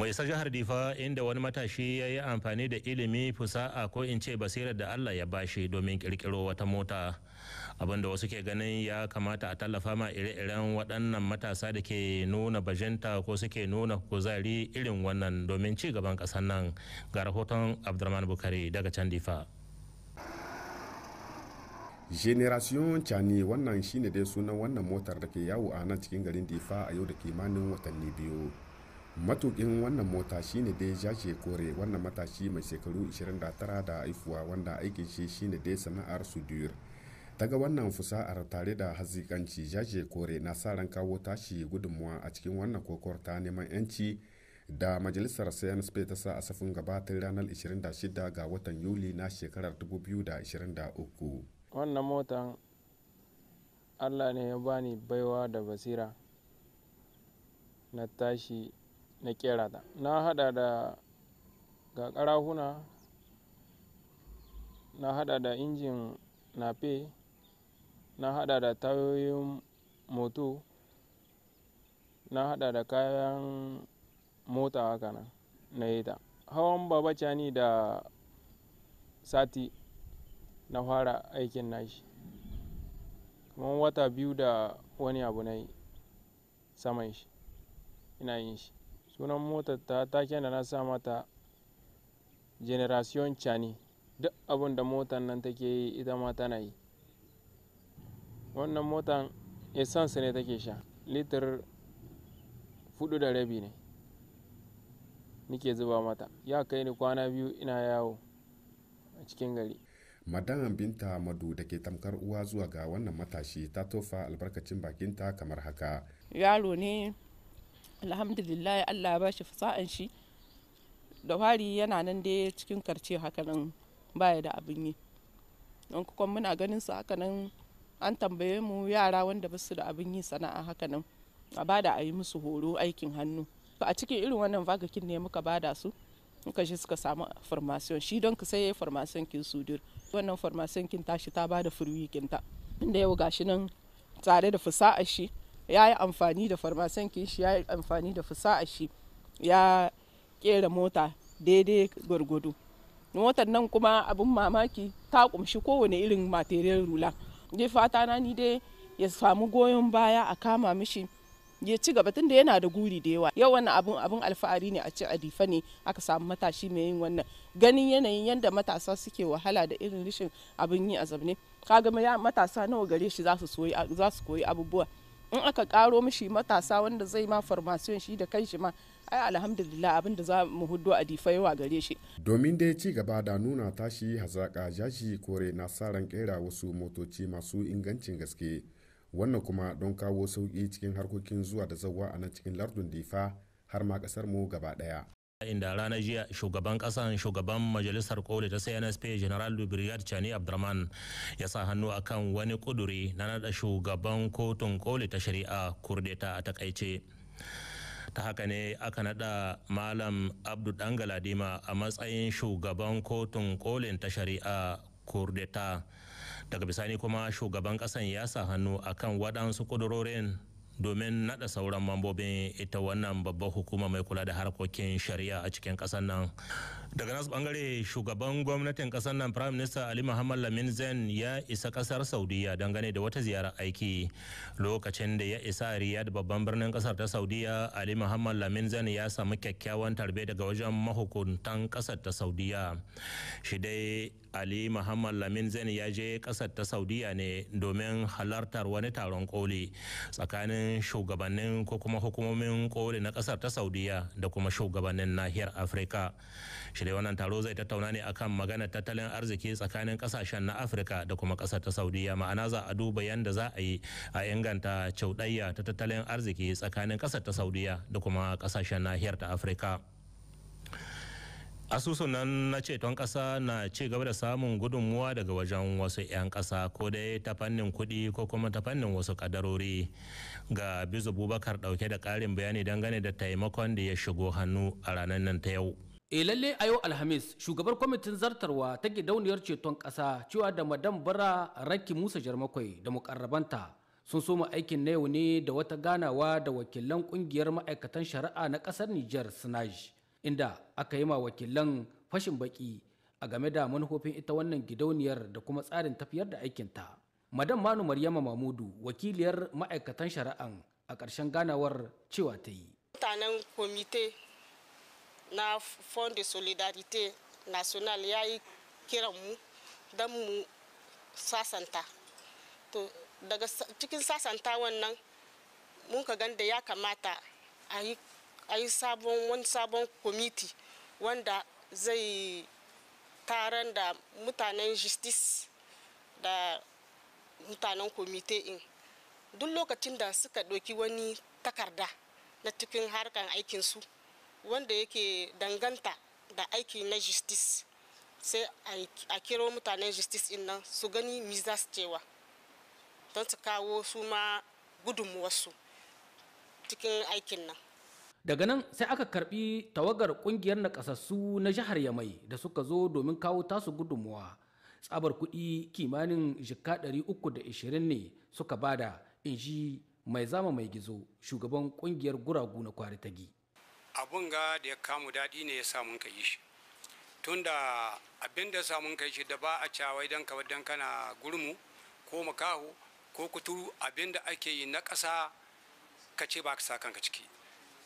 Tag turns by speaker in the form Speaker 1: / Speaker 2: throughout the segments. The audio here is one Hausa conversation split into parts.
Speaker 1: mai sa jihar difa inda wani matashi ya yi amfani da ilimi fusa'a ko in ce basirar da allah ya bashi domin kirkiro wata mota abinda wasu ke ganin ya kamata a tallafa ma ire-iren waɗannan matasa da ke nuna bajinta ko suke nuna kuzari irin wannan domin ci gaban ƙasar nan ga rahoton abdurrahman bukari daga can
Speaker 2: difa generation chani wannan shine dai sunan wannan motar da ke yawo a nan cikin garin difa a yau da kimanin watanni biyu matukin wannan mota shine dai jaje kore wannan matashi mai shekaru 29 da haifuwa wanda aikin shi shine dai sana'ar sudur daga wannan fusa'ar tare da hazikanci jaje kore na sa ran kawo tashi gudunmuwa a cikin wannan kokor ta neman yanci da majalisar sayan spain ta sa a safin gaba tun ranar 26 ga watan yuli na shekarar 2023
Speaker 3: wannan motan allah ne ya bani baiwa da basira na tashi na kera ta na hada da ga karahuna na hada da injin nape na hada da tayoyin moto na hada da kayan mota haka nan na yi ta hawan baba cani da sati na fara aikin nashi kamar wata biyu da wani abu na yi saman shi ina yin shi sunan motar ta taken da na sa mata generation cani duk abin da motar nan take yi ita ma tana yi wannan motar essence ne take sha litir 4.5 da rabi ne nike zuba mata ya kai ni kwana biyu ina yawo a
Speaker 2: cikin gari madan binta madu da ke tamkar uwa zuwa ga wannan matashi ta tofa albarkacin bakinta kamar haka
Speaker 4: yaro ne alhamdulillah allah ba shi fasa'an shi da wari yana nan dai cikin karce hakanan baya da abin yi don kuma muna ganin su hakanan an tambaye mu yara wanda ba su da abin yi sana'a hakanan a bada a yi musu horo aikin hannu a cikin irin wannan vagakin ne muka ba da su muka shi suka samu formation shi don ka sai formation kin sudur wannan formation kin tashi ta bada furwi kinta inda yau gashi nan tare da fasa'a shi ya yi amfani da farmasan shi ya yi amfani da fasa'a shi ya kera mota daidai gwargwado motar nan kuma abin mamaki ta kumshi kowane irin material rula dai fata na ni dai ya samu goyon baya a kama mishi ya ci gaba tunda yana da guri da yawa yau wannan abun abun alfahari ne a ci a difa ne aka samu matashi mai yin wannan ganin yanayin yadda matasa suke wahala da irin rishin abin yi a zabne kaga matasa nawa gare shi za su koyi abubuwa in aka karo mishi matasa wanda zai ma farmasiyon shi da kan shi ma ai alhamdulillah abin da za mu hudu a difa yawa gare shi
Speaker 2: domin dai ci gaba da nuna tashi hazaka jashi kore na sa ran kera wasu motoci masu ingancin gaske wannan kuma don kawo sauki cikin harkokin zuwa da zawa a nan cikin lardun difa har ma kasar mu gaba daya
Speaker 1: inda ranar jiya shugaban kasan shugaban majalisar koli ta cnsp general brigade chani abdurrahman ya sa hannu akan wani kuduri na nada shugaban kotun koli ta shari'a kurdeta a takaice ta haka ne aka nada malam abdu dangaladima a matsayin shugaban kotun kolin ta shari'a kurdeta daga bisani kuma shugaban kasan ya sa hannu akan waɗansu kudurorin domin nada sauran mambobin ita wannan babbar hukuma mai kula da harkokin shari'a a cikin ƙasan nan daga nasu bangare shugaban gwamnatin kasar nan prime minister ali muhammad lamin zen ya isa kasar saudiya dangane da wata ziyarar aiki lokacin da ya isa riyad babban birnin kasar ta saudiya ali muhammad lamin zen ya samu kyakkyawan tarbe daga wajen mahukuntan kasar ta saudiya shi dai ali muhammad lamin zen ya je kasar ta saudiya ne domin halartar wani taron koli tsakanin shugabannin ko kuma hukumomin koli na kasar ta saudiya da kuma shugabannin nahiyar afirka shi dai wannan taro zai tattauna ne akan maganar tattalin arziki tsakanin kasashen na afirka da kuma kasar ta saudiya ma'ana za a duba yadda za a yi a inganta caudayya ta tattalin arziki tsakanin kasar ta saudiya da kuma kasashen nahiyar ta afirka asusun nan na ceton kasa na ci gaba da samun gudunmuwa daga wajen wasu 'yan kasa ko dai ta fannin kudi ko kuma ta fannin wasu kadarori ga bizu bubakar dauke da karin bayani dangane da taimakon da ya shigo hannu a ranar nan ta yau e lalle a yau alhamis shugabar kwamitin zartarwa ta
Speaker 5: gidauniyar ceton ƙasa cewa da madam bara raki musa jarmakwai da mukarrabanta sun soma aikin na yau ne da wata ganawa da wakilan kungiyar ma'aikatan shari'a na ƙasar niger sinaj inda aka yi ma wakilan fashin baki a game da manufofin ita wannan gidauniyar da kuma tsarin tafiyar da aikinta madam manu maryama mamudu wakiliyar ma'aikatan shari'an a ƙarshen ganawar cewa ta yi
Speaker 6: mutanen komite na fond de solidarité nationale ya yi kiran mu don mu sasanta to daga cikin sasanta wannan mun ka ganda ya kamata a yi sabon wani sabon kwamiti wanda zai taron da mutanen justice da mutanen komite in duk lokacin da suka ɗauki wani takarda na cikin harkar aikinsu wanda yake danganta da aiki na justice sai a kiro mutanen justice in nan su gani mi cewa don su kawo su ma gudunmuwarsu cikin aikin nan
Speaker 5: daga nan sai aka karbi tawagar kungiyar nakasassu na jihar yamai da suka zo domin kawo tasu gudunmuwa tsabar kudi kimanin jika 320 ne suka bada in ji mai zama mai gizo shugaban kungiyar guragu na kwaritagi
Speaker 7: abun ga da ya kamu daɗi ne ya samun ka yi shi tunda abin da samun yi shi da ba a cawai don ka wadda kana gurmu ko makaho ko kuturu abin da ake yi na ƙasa ka ce ba ka sa kanka ciki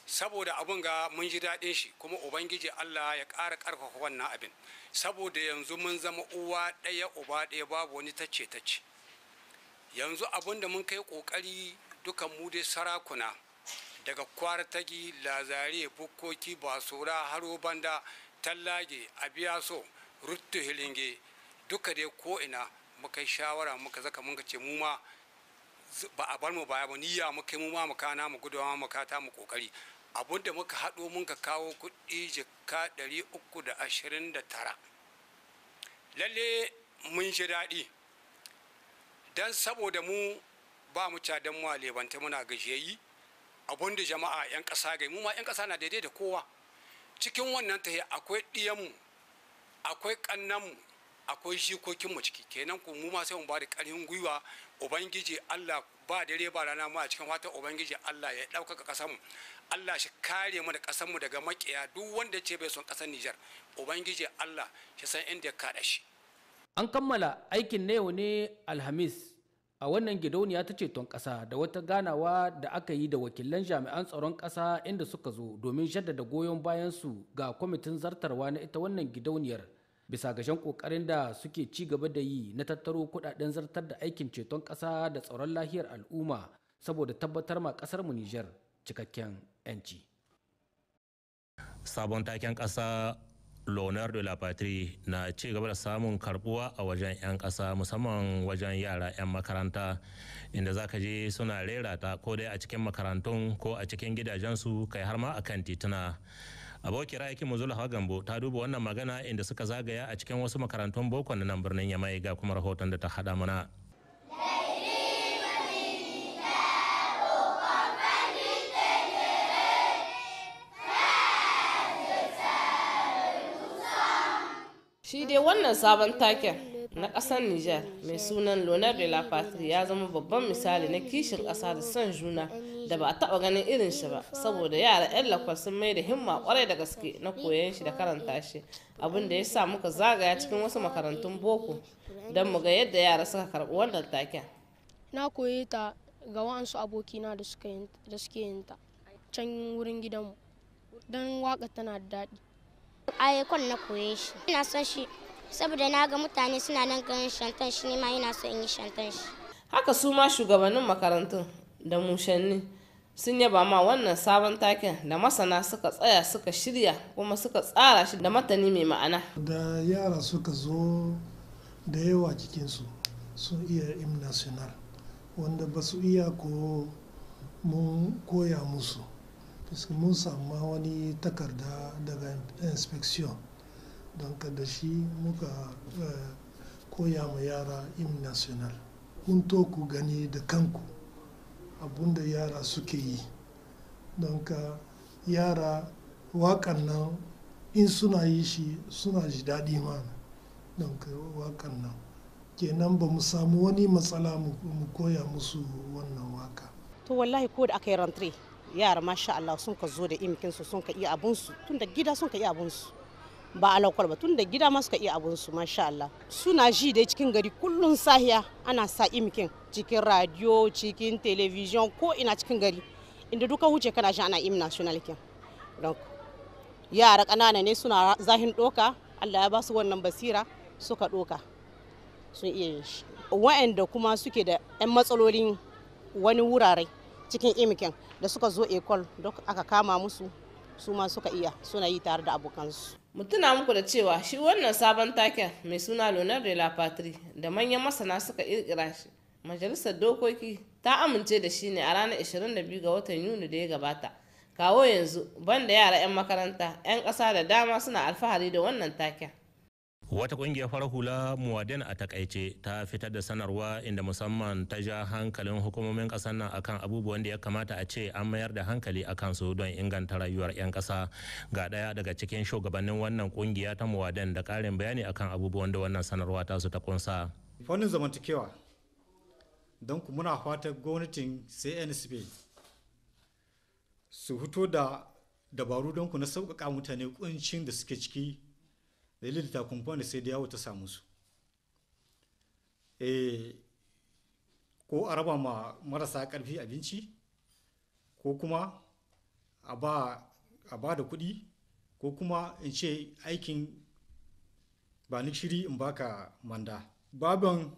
Speaker 7: saboda abun ga mun ji daɗin shi kuma ubangiji allah ya ƙara ƙarfafa wannan abin saboda yanzu mun zama uwa ɗaya uba ɗaya babu wani tacce tacce yanzu abun da mun kai ƙoƙari dukan mu dai sarakuna daga kwartagi lazare bukkoki basura haro banda tallage abiyaso rutu hilinge duka dai ko ina muka yi shawara muka zaka muka ce mu ma ba a bar mu baya ba niyya muka yi mu ma muka na mu gudawa muka ta mu kokari abun da muka haɗo muka kawo kuɗi jika ɗari tara lalle mun ji daɗi dan saboda mu ba mu cadan mu lebanta muna gajiyayi abun da jama'a 'yan kasa gai mu ma 'yan ƙasa na daidai da kowa cikin wannan ta akwai ɗiyanmu akwai ƙannanmu akwai jikokinmu ciki kenan ku mu ma sai mu ba da ƙarfin gwiwa ubangiji allah ba dare ba rana mu a cikin fatan ubangiji allah ya ɗaukaka ƙasanmu allah shi kare mu da ƙasanmu daga maƙiya duk wanda ce bai son ƙasar nijar ubangiji allah shi san inda ya kaɗa shi
Speaker 5: an kammala aikin na yau ne alhamis a wannan gidauniya ta ceton ƙasa da wata ganawa da aka yi da wakilan jami'an tsaron ƙasa inda suka zo domin jaddada goyon bayan su ga kwamitin zartarwa na ita wannan gidauniyar bisa ga shan kokarin da suke ci gaba da yi na tattaro kuɗaɗen zartar da aikin ceton ƙasa da tsaron lahiyar al'umma saboda tabbatar ma ƙasar mu Nijar cikakken 'yanci.
Speaker 1: Sabon taken ƙasa leonardo la patrie na ci gaba da samun karbuwa a wajen 'yan kasa musamman wajen yara 'yan makaranta inda za ka je suna rera ta ko dai a cikin makarantun ko a cikin gidajensu kai har ma a kan tituna abokin rayakin mu zulha gambo ta duba wannan magana inda suka zagaya a cikin wasu makarantun boko na nan birnin yamai ga kuma rahoton da ta hada mana.
Speaker 8: shi dai wannan sabon taken na ƙasar niger mai sunan lonar de la patrie ya zama babban misali na kishin ƙasa da son juna da ba a taɓa ganin irin shi ba saboda yara 'yan lakwal sun mai da himma kwarai da gaske na koyon shi da karanta shi abin da ya sa muka zagaya cikin wasu makarantun boko don mu ga yadda yara suka karbi wannan taken na koye ta ga wa'ansu abokina da suke yin ta can wurin gidanmu don waka tana da daɗi a kwan na koye shi ina son shi saboda na ga
Speaker 5: mutane suna nan ganin shantan shi ne ma ina so in yi shantan shi
Speaker 8: haka su ma shugabannin makarantun da mushanni sun yaba ma wannan sabon taken da masana suka tsaya suka shirya kuma suka tsara shi da matani mai ma'ana
Speaker 9: da yara suka zo da yawa cikinsu sun iya im wanda ba su iya ko mun koya musu mun samu wani takarda daga inspection don da shi muka eh, koya ma yara im national kun to ku gani da kanku abinda yara suke yi don ka yara waƙan nan in suna yi shi suna ji daɗi ma don ka waƙan nan kenan ba mu samu wani matsala mu koya musu wannan
Speaker 10: waka
Speaker 8: to wallahi ko da aka yi rantre yara masha Allah sun ka zo da imkinsu sun ka iya abunsu tun da gida sun ka iya abunsu ba a alakwal ba tun da gida ma suka iya abunsu masha Allah suna ji dai cikin gari kullun sahiya ana sa imkin cikin radio cikin television ko ina cikin gari inda duka wuce kana shi ana im suna likin don yara kanana ne suna zahin doka Allah ya ba su wannan basira suka doka sun iya yin shi wa'anda kuma suke da 'yan matsalolin wani wurare cikin imikin da suka zo ekol duk aka kama musu su ma suka iya suna yi tare da abokansu. Mu muku da cewa shi wannan sabon taken mai suna Lunar de la Patrie da manyan masana suka irkira shi. Majalisar Dokoki ta amince da shi ne a ranar 22 ga watan Yuni da ya gabata. Kawo yanzu banda yara 'yan makaranta 'yan ƙasa da dama suna alfahari da wannan taken.
Speaker 1: Wata kungiyar farar hula Muwaden a takaice ta fitar da sanarwa inda musamman ta ja hankalin hukumomin kasar nan akan abubuwan da ya kamata a ce an mayar da hankali akan su don inganta rayuwar 'yan kasa. Ga daya daga cikin shugabannin wannan kungiya ta Muwaden da karin bayani akan abubuwan da wannan sanarwa ta su ta kunsa.
Speaker 10: Fannin zamantakewa don ku muna fatan gwamnatin CNSP su fito da dabaru don ku na sauƙaƙa mutane kuncin da suke ciki dalilin takunkuman da sai da yawo ta samu su eh, ko a raba ma marasa karfi abinci ko kuma a ba da kuɗi ko kuma in ce aikin ba ni shiri in baka manda babin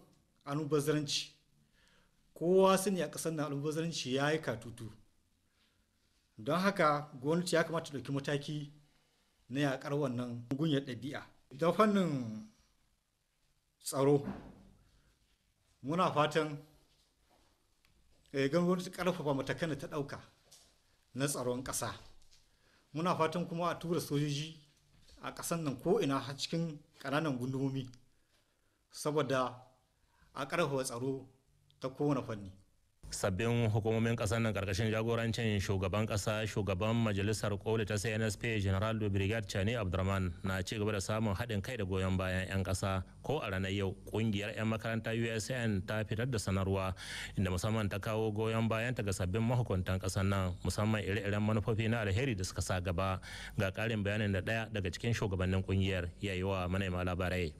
Speaker 10: anubazaranci kowa sani a ƙasar na anubazaranci ya yi katutu don haka gwamnati ya kamata ɗauki mataki na yaƙar wannan gunyar ɗabi'a da fannin tsaro muna fatan eh, wani karfafa matakan da ta dauka na tsaron kasa muna fatan kuma a tura sojoji a kasan nan ko'ina a cikin kananan gundumomi saboda a karfafa tsaro ta kowane fanni sabbin
Speaker 1: hukumomin kasar nan karkashin jagorancin shugaban kasa shugaban majalisar koli ta cnsp general brigad chani abdurrahman na ci gaba da samun haɗin kai da goyon bayan 'yan kasa ko a ranar yau kungiyar 'yan makaranta usn ta fitar da sanarwa inda musamman ta kawo goyon bayan ta ga sabbin mahukuntan kasar nan musamman ire-iren manufofi na alheri da suka sa gaba ga ƙarin bayanin da ɗaya daga cikin shugabannin kungiyar ya yi wa manema labarai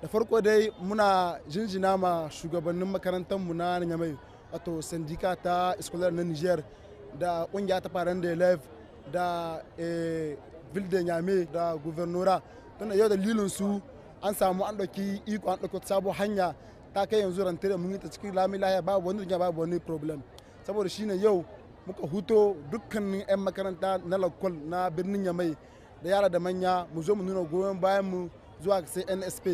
Speaker 9: da farko dai muna jinjina ma shugabannin makarantar mu na nyamai wato sindika ta iskular na niger da kungiya ta faran da live eh, da ville de nyame da guvernora da yau dalilin su an samu an ɗauki iko an ɗauki sabo hanya ta kai yanzu rantare mun yi ta cikin lami lahiya babu wani rigya babu wani problem saboda shine yau muka huto dukkanin 'yan makaranta na lakol na birnin yamai da yara da manya mu zo mu nuna goyon bayan mu zuwa sai nsp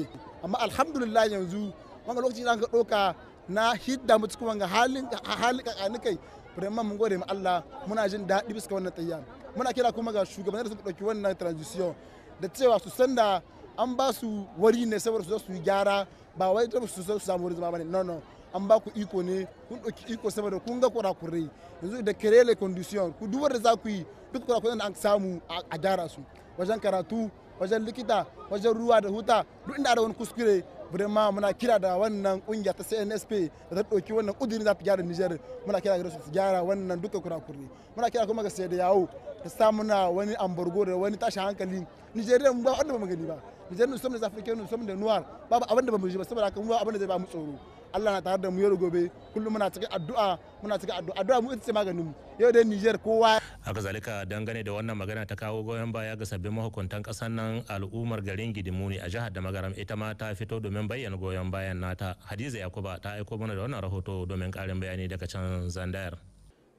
Speaker 9: amma alhamdulillah yanzu wanga lokaci da ka ɗauka na hidda mu cikin wanga halin halin kakanikai vraiment mun gode ma Allah muna jin daɗi bisa wannan tayya muna kira kuma ga shugabannin da suka ɗauki wannan transition da cewa su san da an ba su wari ne saboda su su yi gyara ba wai da su su samu wuri zama bane no no an ba ku iko ne kun ɗauki iko saboda kun ga kurakurai yanzu da kirele condition ku duwar da za ku yi duk kurakurai da an samu a gyara su wajen karatu wajen likita wajen ruwa da huta duk inda da wani kuskure budan ma muna kira da wannan kungiya ta CNSP da ta ɗauki wannan kudirin za ta gyara Niger muna kira ga su gyara wannan duka kurakuri muna kira kuma ga sai da yawo ta sa muna wani ambargo da wani tashin hankali Niger mu ba wanda ba mu gani ba Nijeriya mu da Afrika mu da Nuwar babu abin da ba mu ji ba saboda haka mu ba abin da zai ba mu tsoro Allah na tare da mu yau gobe kullum muna cikin addu'a muna cikin addu'a addu'a mu ita ce maganin mu yau dai Niger kowa
Speaker 1: haka zalika dangane da wannan magana ta kawo goyon baya ga sabbin mahukuntan kasar nan al'ummar garin gidimuni a jihar da magaram ita ma ta fito domin bayyana goyon bayan nata hadiza yakuba ta aiko mana da wannan rahoto domin karin bayani daga can zandayar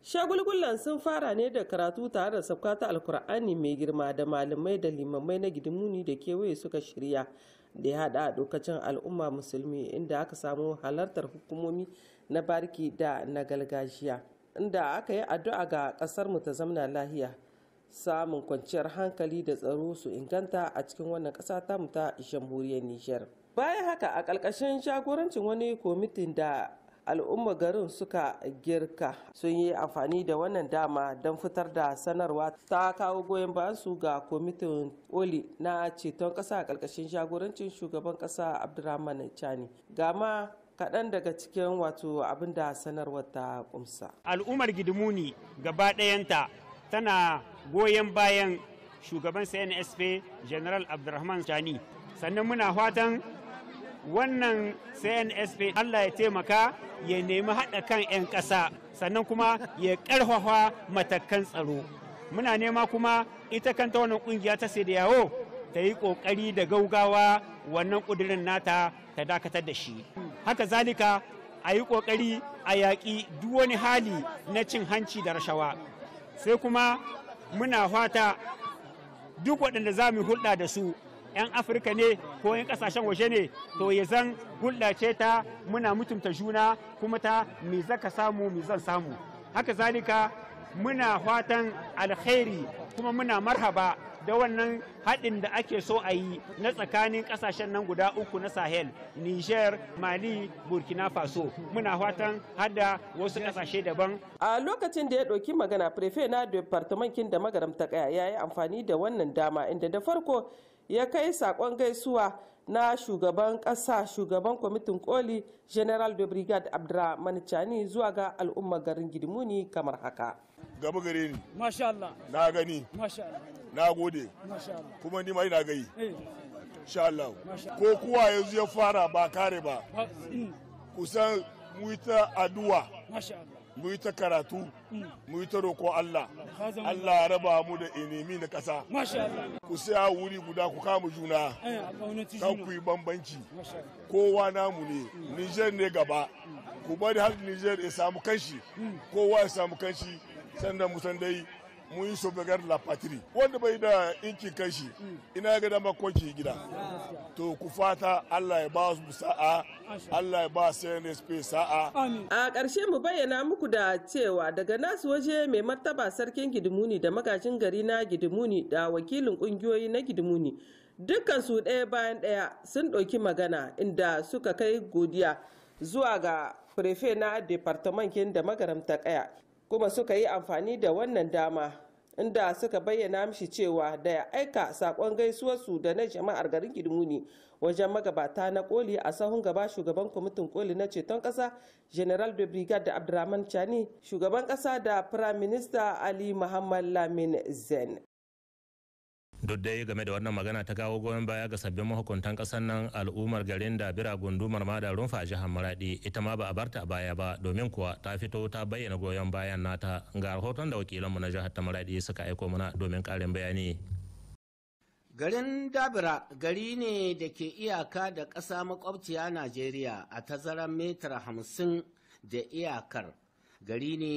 Speaker 6: shagulgullan sun fara ne da karatu tare da sabka ta alkur'ani mai girma da malamai da limamai na gidimuni da kewaye suka shirya da ya haɗa a dokacin al'umma musulmi inda aka samu halartar hukumomi na barki da na gargajiya inda aka yi addu'a ga ƙasarmu ta zamna lahiya samun kwanciyar hankali da tsaro su inganta a cikin wannan ƙasa tamu ta jamhuriyar nijar bayan haka a ƙarƙashin jagorancin wani kwamitin da al'umma garin suka girka sun yi amfani da wannan dama don fitar da sanarwa ta kawo goyon bayan su ga komitin oli na ceton ƙasa a ƙarƙashin jagorancin shugaban ƙasa abdurrahman chani gama kaɗan daga cikin wato abin da sanarwar ta
Speaker 11: kumsa. Al'ummar Gidimuni gaba ɗayanta tana goyon bayan shugaban CNSP General Abdulrahman Shani. Sannan muna fatan wannan CNSP Allah ya taimaka ya nemi haɗa kan 'yan ƙasa sannan kuma ya ƙarfafa matakan tsaro. Muna nema kuma ita kanta wannan ƙungiya ta da yawo ta yi ƙoƙari da gaugawa wannan ƙudurin nata ta dakatar da shi. haka zalika a yi ƙoƙari a yaƙi duk wani hali na cin hanci da rashawa sai kuma muna fata duk waɗanda za mu hulɗa da su 'yan afirka ne ko 'yan ƙasashen waje ne to ya zan hulɗa ce ta muna mutunta juna kuma ta me zaka samu mi zan samu haka zalika muna fatan alkhairi kuma muna marhaba da wannan haɗin da ake so a yi na tsakanin ƙasashen nan guda uku na sahel niger mali burkina faso muna fatan hada wasu ƙasashe
Speaker 6: daban a lokacin da ya ɗauki magana prefe na departamentin da magaramta kaya ya yi amfani da wannan dama inda da farko ya kai saƙon gaisuwa na shugaban ƙasa shugaban kwamitin koli general de brigade abdurrahman chani zuwa ga al'umma
Speaker 2: garin gidimuni kamar haka gaba gare ni na gani na gode kuma ni ma ina gai eh. ko kuwa yanzu ya fara ba kare ba mm. kusan muita addu'a muita karatu mm. muita roko Allah Allah ya raba mu da inimi na ƙasa ku a wuri guda ku kama juna eh, kan ku yi bambanci kowa namu ne Niger ne gaba ku bari har Niger ya samu kanshi mm. kowa ya samu kanshi sannan mu dai mun yi sobegar la patrie wanda bai da inkin kashi mm. ina ga dama kwanci gida to ku fata Allah ya ba su sa'a Allah ya ba CNSP sa'a a ƙarshe mu bayyana muku
Speaker 6: da cewa daga nasu waje mai martaba sarkin Gidimuni da magajin gari na Gidimuni da wakilin kungiyoyi na Gidimuni dukkan su ɗaya bayan ɗaya sun ɗauki magana inda suka kai godiya zuwa ga prefe na departamentin da magaramta kaya kuma suka yi amfani da wannan dama inda suka bayyana mishi cewa da ya aika sakon gaisuwarsu da na jama'ar garin kidmuni wajen magabata na koli a sahun gaba shugaban kwamitin koli na ceton kasa general de brigade da abdurrahman chani shugaban kasa da prime minister ali muhammad lamin zen
Speaker 1: duk dai game da wannan magana ta kawo goyon baya ga sabbin mahukuntan kasar nan al'ummar garin da bira gundumar ma da rumfa a jihar maradi ita ma ba a barta a baya ba domin kuwa ta fito ta bayyana goyon bayan nata ga rahoton da wakilanmu na jihar ta maradi suka aiko mana domin karin bayani
Speaker 12: garin dabira gari ne da ke iyaka da ƙasa makwabciya najeriya a tazarar mitar hamsin da iyakar gari ne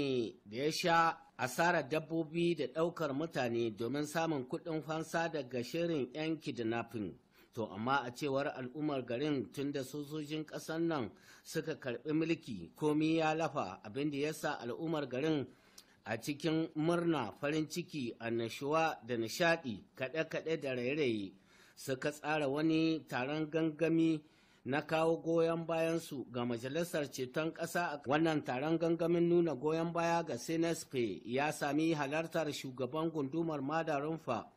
Speaker 12: da ya sha asarar dabbobi da ɗaukar mutane domin samun kuɗin fansa daga shirin 'yan kidnapping. To amma a cewar al'ummar garin tun da sojojin ƙasar nan suka karɓi mulki komi ya lafa abin da ya sa al'ummar garin a cikin murna farin ciki annashuwa da nishaɗi kaɗe-kaɗe da rairaye suka tsara wani taron gangami na kawo goyon bayansu ga majalisar ceton ƙasa a wannan taron gangamin nuna goyon baya ga senespe ya sami halartar shugaban gundumar madarunfa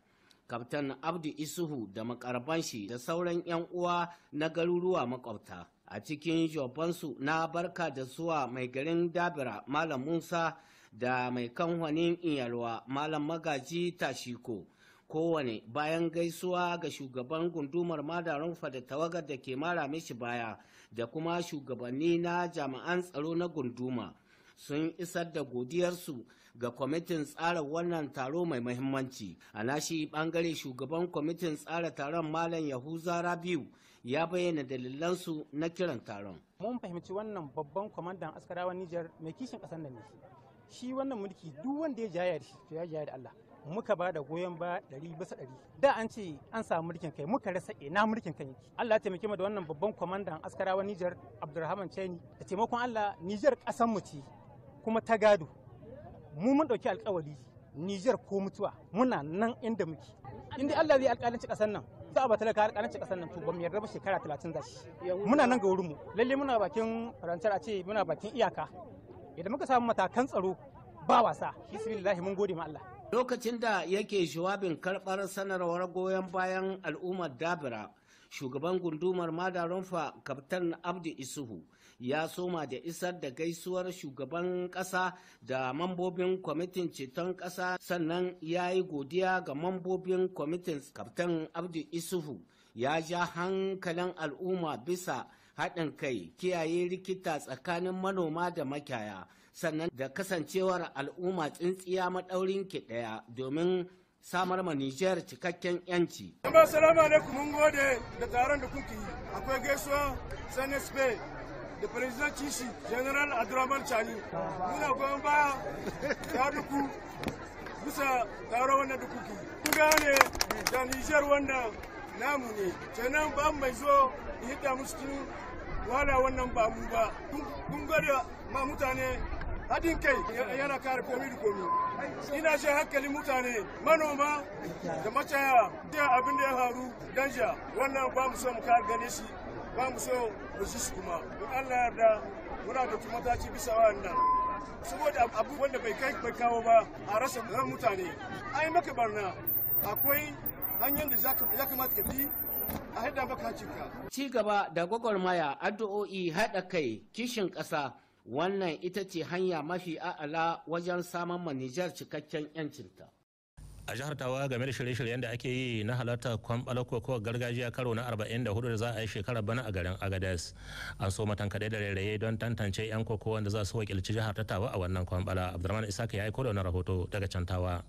Speaker 12: kaftan abdu isuhu da makarban shi da sauran 'yan uwa na garuruwa makwabta a cikin jobansu na barka da zuwa mai garin dabira malam musa da mai kanwanin iyalwa malam magaji tashiko kowane bayan gaisuwa ga shugaban gundumar madarin da tawagar da ke mara mishi baya da kuma shugabanni na jami'an tsaro na gunduma sun isar da godiyarsu ga kwamitin tsara wannan taro mai mahimmanci a nashi bangare shugaban kwamitin tsara taron malam yahuza rabiu ya bayyana dalilansu na kiran taron mun fahimci wannan babban kwamandan askarawan nijar mai kishin kasar da ne shi wannan mulki duk wanda ya jaya da shi to ya jaya da allah muka ba da goyon ba ɗari bisa ɗari da an ce an samu mulkin kai muka rasa ina mulkin kai Allah ya taimake mu da wannan babban kwamandan askarawa Niger Abdulrahman Chani da taimakon Allah Niger ƙasar mu ce kuma ta gado mu mun ɗauki alƙawari Niger ko mutuwa muna nan inda muke inda Allah zai alƙalanci ƙasar nan za a ba talaka alƙalanci kasar nan to ba mu yarda ba shekara 30 za shi muna nan ga wurin mu lalle muna bakin farantar a ce muna bakin iyaka idan muka samu matakan tsaro ba wasa bismillah mun gode ma Allah Lokacin da yake jawabin karɓar sanarwar goyon bayan al'ummar Dabira, shugaban gundumar Madarunfa Kaftan Abdi Isuhu ya soma da isar da gaisuwar shugaban Kasa da mambobin kwamitin ceton Kasa sannan ya yi godiya ga mambobin kwamitin Kaftan Abdi Isuhu ya ja hankalin al'umma bisa haɗin kai kiyaye rikita tsakanin manoma da makiyaya sannan da kasancewar al'umma tsintsiya maɗaurin ki ɗaya domin samar ma Nijar cikakken yanci.
Speaker 7: Amma salamu alaikum mun gode da taron da kuke yi. Akwai gaisuwa Sanis Bay da President Chishi General Adraman Chani. Muna goyon baya ya duku bisa taron wannan da kuke yi. Kun gane da Nijar wannan namu ne. Kenan ba mai zo hidda musu wala wannan ba mu ba. Kun gode ma mutane haɗin kai yana kare komi da komi ina shi hankali mutane manoma da macaya da abin da ya faru danja wannan ba mu so mu kare gane shi ba mu so mu ji shi kuma in allah yarda muna da mataci bisa wannan saboda abu wanda bai kai bai kawo ba a rasa ran mutane ai maka barna akwai
Speaker 10: hanyar da ya kamata ka bi a haɗa baka cika.
Speaker 12: ci gaba da gwagwarmaya addu'o'i haɗa kai kishin ƙasa wannan ita ce hanya mafi a'ala wajen samun ma Nijar cikakken 'yancinta.
Speaker 1: a jihar tawa game da shirye-shiryen da ake yi na halartar kwamɓala kokowar gargajiya karo na 44 da za a yi shekarar bana a garin agadas an so matan da rairaye don tantance 'yan kokowar da za su wakilci jihar ta tawa a wannan kwamɓala abdurrahman isaka ya yi da rahoto daga can tawa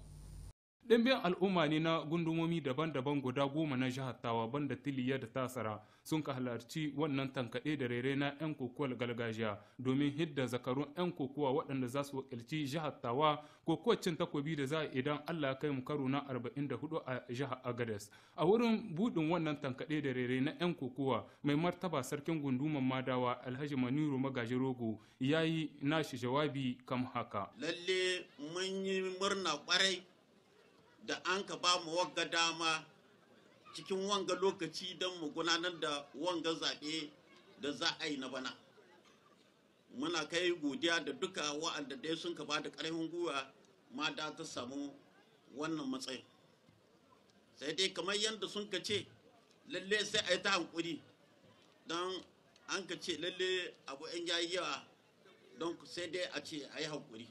Speaker 13: ɗimbin al'umma ne na gundumomi daban-daban guda goma na jihar tawa banda tiliya da tasara sun ka halarci wannan tankaɗe da rere na 'yan kokowar gargajiya domin hidda zakarun 'yan kokowa waɗanda za su wakilci jihar tawa kokowacin takobi da za a idan allah kai mu karo na 44 a jihar agades a wurin buɗin wannan tankaɗe da rere na 'yan kokowa mai martaba sarkin gunduman madawa alhaji maniru magaji rogo ya yi nashi jawabi kam haka
Speaker 11: lalle mun yi murna kwarai da an ka ba mu wagga dama cikin wanga lokaci don mu gudanar da wanga zaɓe da za a yi na bana muna kai godiya da duka wa'anda dai sun ka ba da ƙarfin gwiwa ma da ta samu wannan matsayin sai dai kamar yadda sun ka ce lalle sai a yi ta hankuri don an ka ce lalle abu yan yayi yawa don sai dai a ce a yi hankuri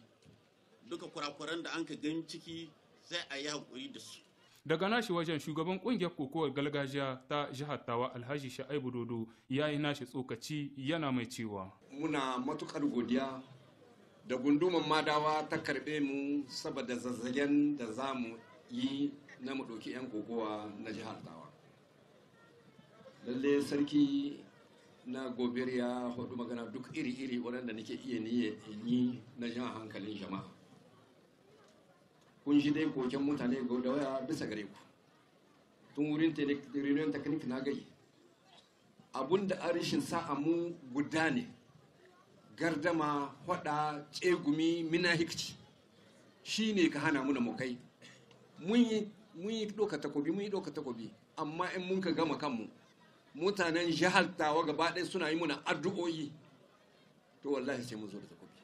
Speaker 11: duka kurakuran da an ka gani ciki sai a yi hankuri da su
Speaker 13: daga nashi wajen shugaban kungiyar kokowar gargajiya ta jihar tawa alhaji sha'ibu dodo ya yi nashi tsokaci yana mai cewa
Speaker 7: muna matukar godiya da gunduman madawa ta karbe mu saboda zazzagen da za mu yi na mu ɗauki 'yan kokowa na jihar tawa lalle sarki na gobe ya hudu magana duk iri-iri waɗanda nake iya niyyar yi na jan hankalin jama'a kun shi dai koken mutane ga da waya bisa gare ku tun wurin renon technique na gai abun da arishin sa'a mu guda ne gardama hwada tsegumi mina hikici shi ne ka hana muna mukai mun yi mun doka takobi mun yi doka takobi amma in mun ka gama kanmu mutanen jahaltawa gaba ɗaya suna yi muna addu'o'i to wallahi sai mun zo da takobi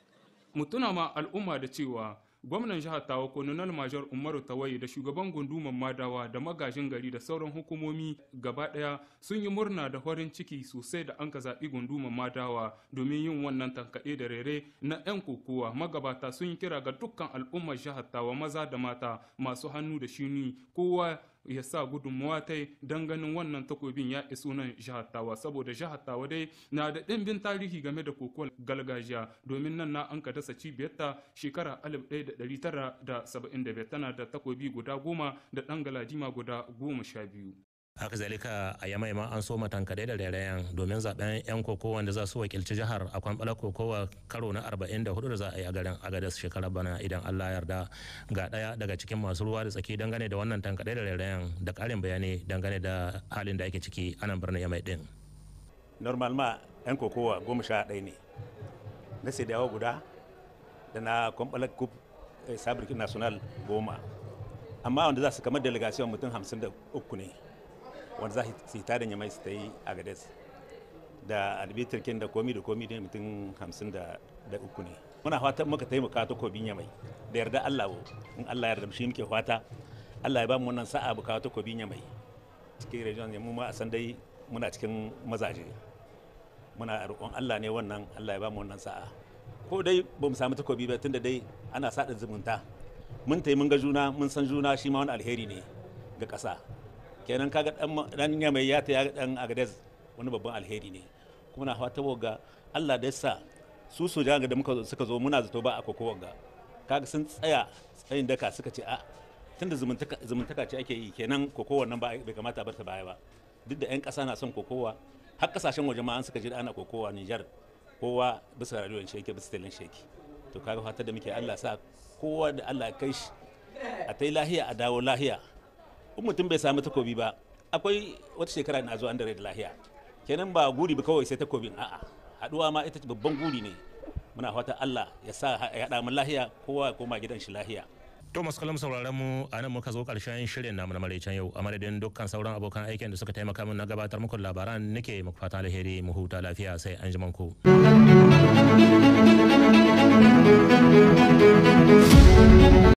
Speaker 13: mu tuna ma al'umma da cewa gwamnan jihar tawa kononal major umaru Tawai da shugaban gunduman madawa da magajin gari da sauran hukumomi gaba daya sun yi murna da farin ciki sosai da an ka zaɓi gunduman madawa domin yin wannan tankaɗe da rere na 'yan kokowa magabata sun yi kira ga dukkan al'ummar jihar tawa maza da mata masu hannu da shuni kowa ya sa gudunmawa ta don ganin wannan takobin ya isu nan jihar saboda jihar dai na da ɗimbin tarihi game da kokowar galgajiya domin nan na an ka dasa cibiyarta shekara 1975 tana da takobi guda goma da ɗan galadima guda goma sha biyu.
Speaker 1: haka zalika a ya maima an so matankadai da rairayen domin zaben yan kokowa da za su wakilci jihar a kwamfala kokowa karo na 44 da za a yi a garin agadas shekara bana idan allah yarda ga daya daga cikin masu ruwa da tsaki dangane da wannan tankadai da rairayen da karin bayani dangane da halin da ake ciki anan nan birnin yamai din
Speaker 11: normal ma yan kokowa goma sha ɗaya ne na yawa guda da na kwamfala cup eh, sabir national goma amma wanda za su kamar delegation mutum hamsin da uku ne wanda za su yi tarin yamai su ta yi a gades da albitarkin da komi da komi da mutum hamsin da uku ne muna fatan muka taimaka ta kobin yamai da yarda allah in allah yarda shi muke fata allah ya ba mu wannan sa'a bukawa ta kobin yamai cikin region ne mu ma a san dai muna cikin mazaje muna roƙon allah ne wannan allah ya ba mu wannan sa'a ko dai ba mu samu takobi ba tunda dai ana saɗa zumunta mun taimun ga juna mun san juna shi ma wani alheri ne ga ƙasa kenan kaga dan dan mai yata ya dan agadez wani babban alheri ne kuma na fata ga Allah da yasa su su ga da muka suka zo muna zato ba a koko ga kaga sun tsaya tsayin daka suka ce a tunda zumuntaka ce ake yi kenan kokowa nan bai kamata a bar ta baya ba duk da yan kasa na son kokowa har kasashen waje ma an suka ji ana kokowa Niger kowa bisa rayuwar sheke bisa talin sheke to kaga fata da muke Allah sa kowa da Allah kai shi a tai lahiya a dawo lahiya in mutum bai sami takobi ba akwai wata shekara na zuwa an da lahiya kenan ba guri ba kawai sai takobin a'a haduwa ma ita babban guri ne muna fata Allah ya sa ya hada mun lahiya kowa ya koma gidan shi lahiya
Speaker 1: to masu kallon sauraron mu a nan muka zo karshen shirin namu na maraicen yau a madadin dukkan sauran abokan aikin da suka taimaka min na gabatar muku labaran nake muku fata alheri mu huta lafiya sai an ku.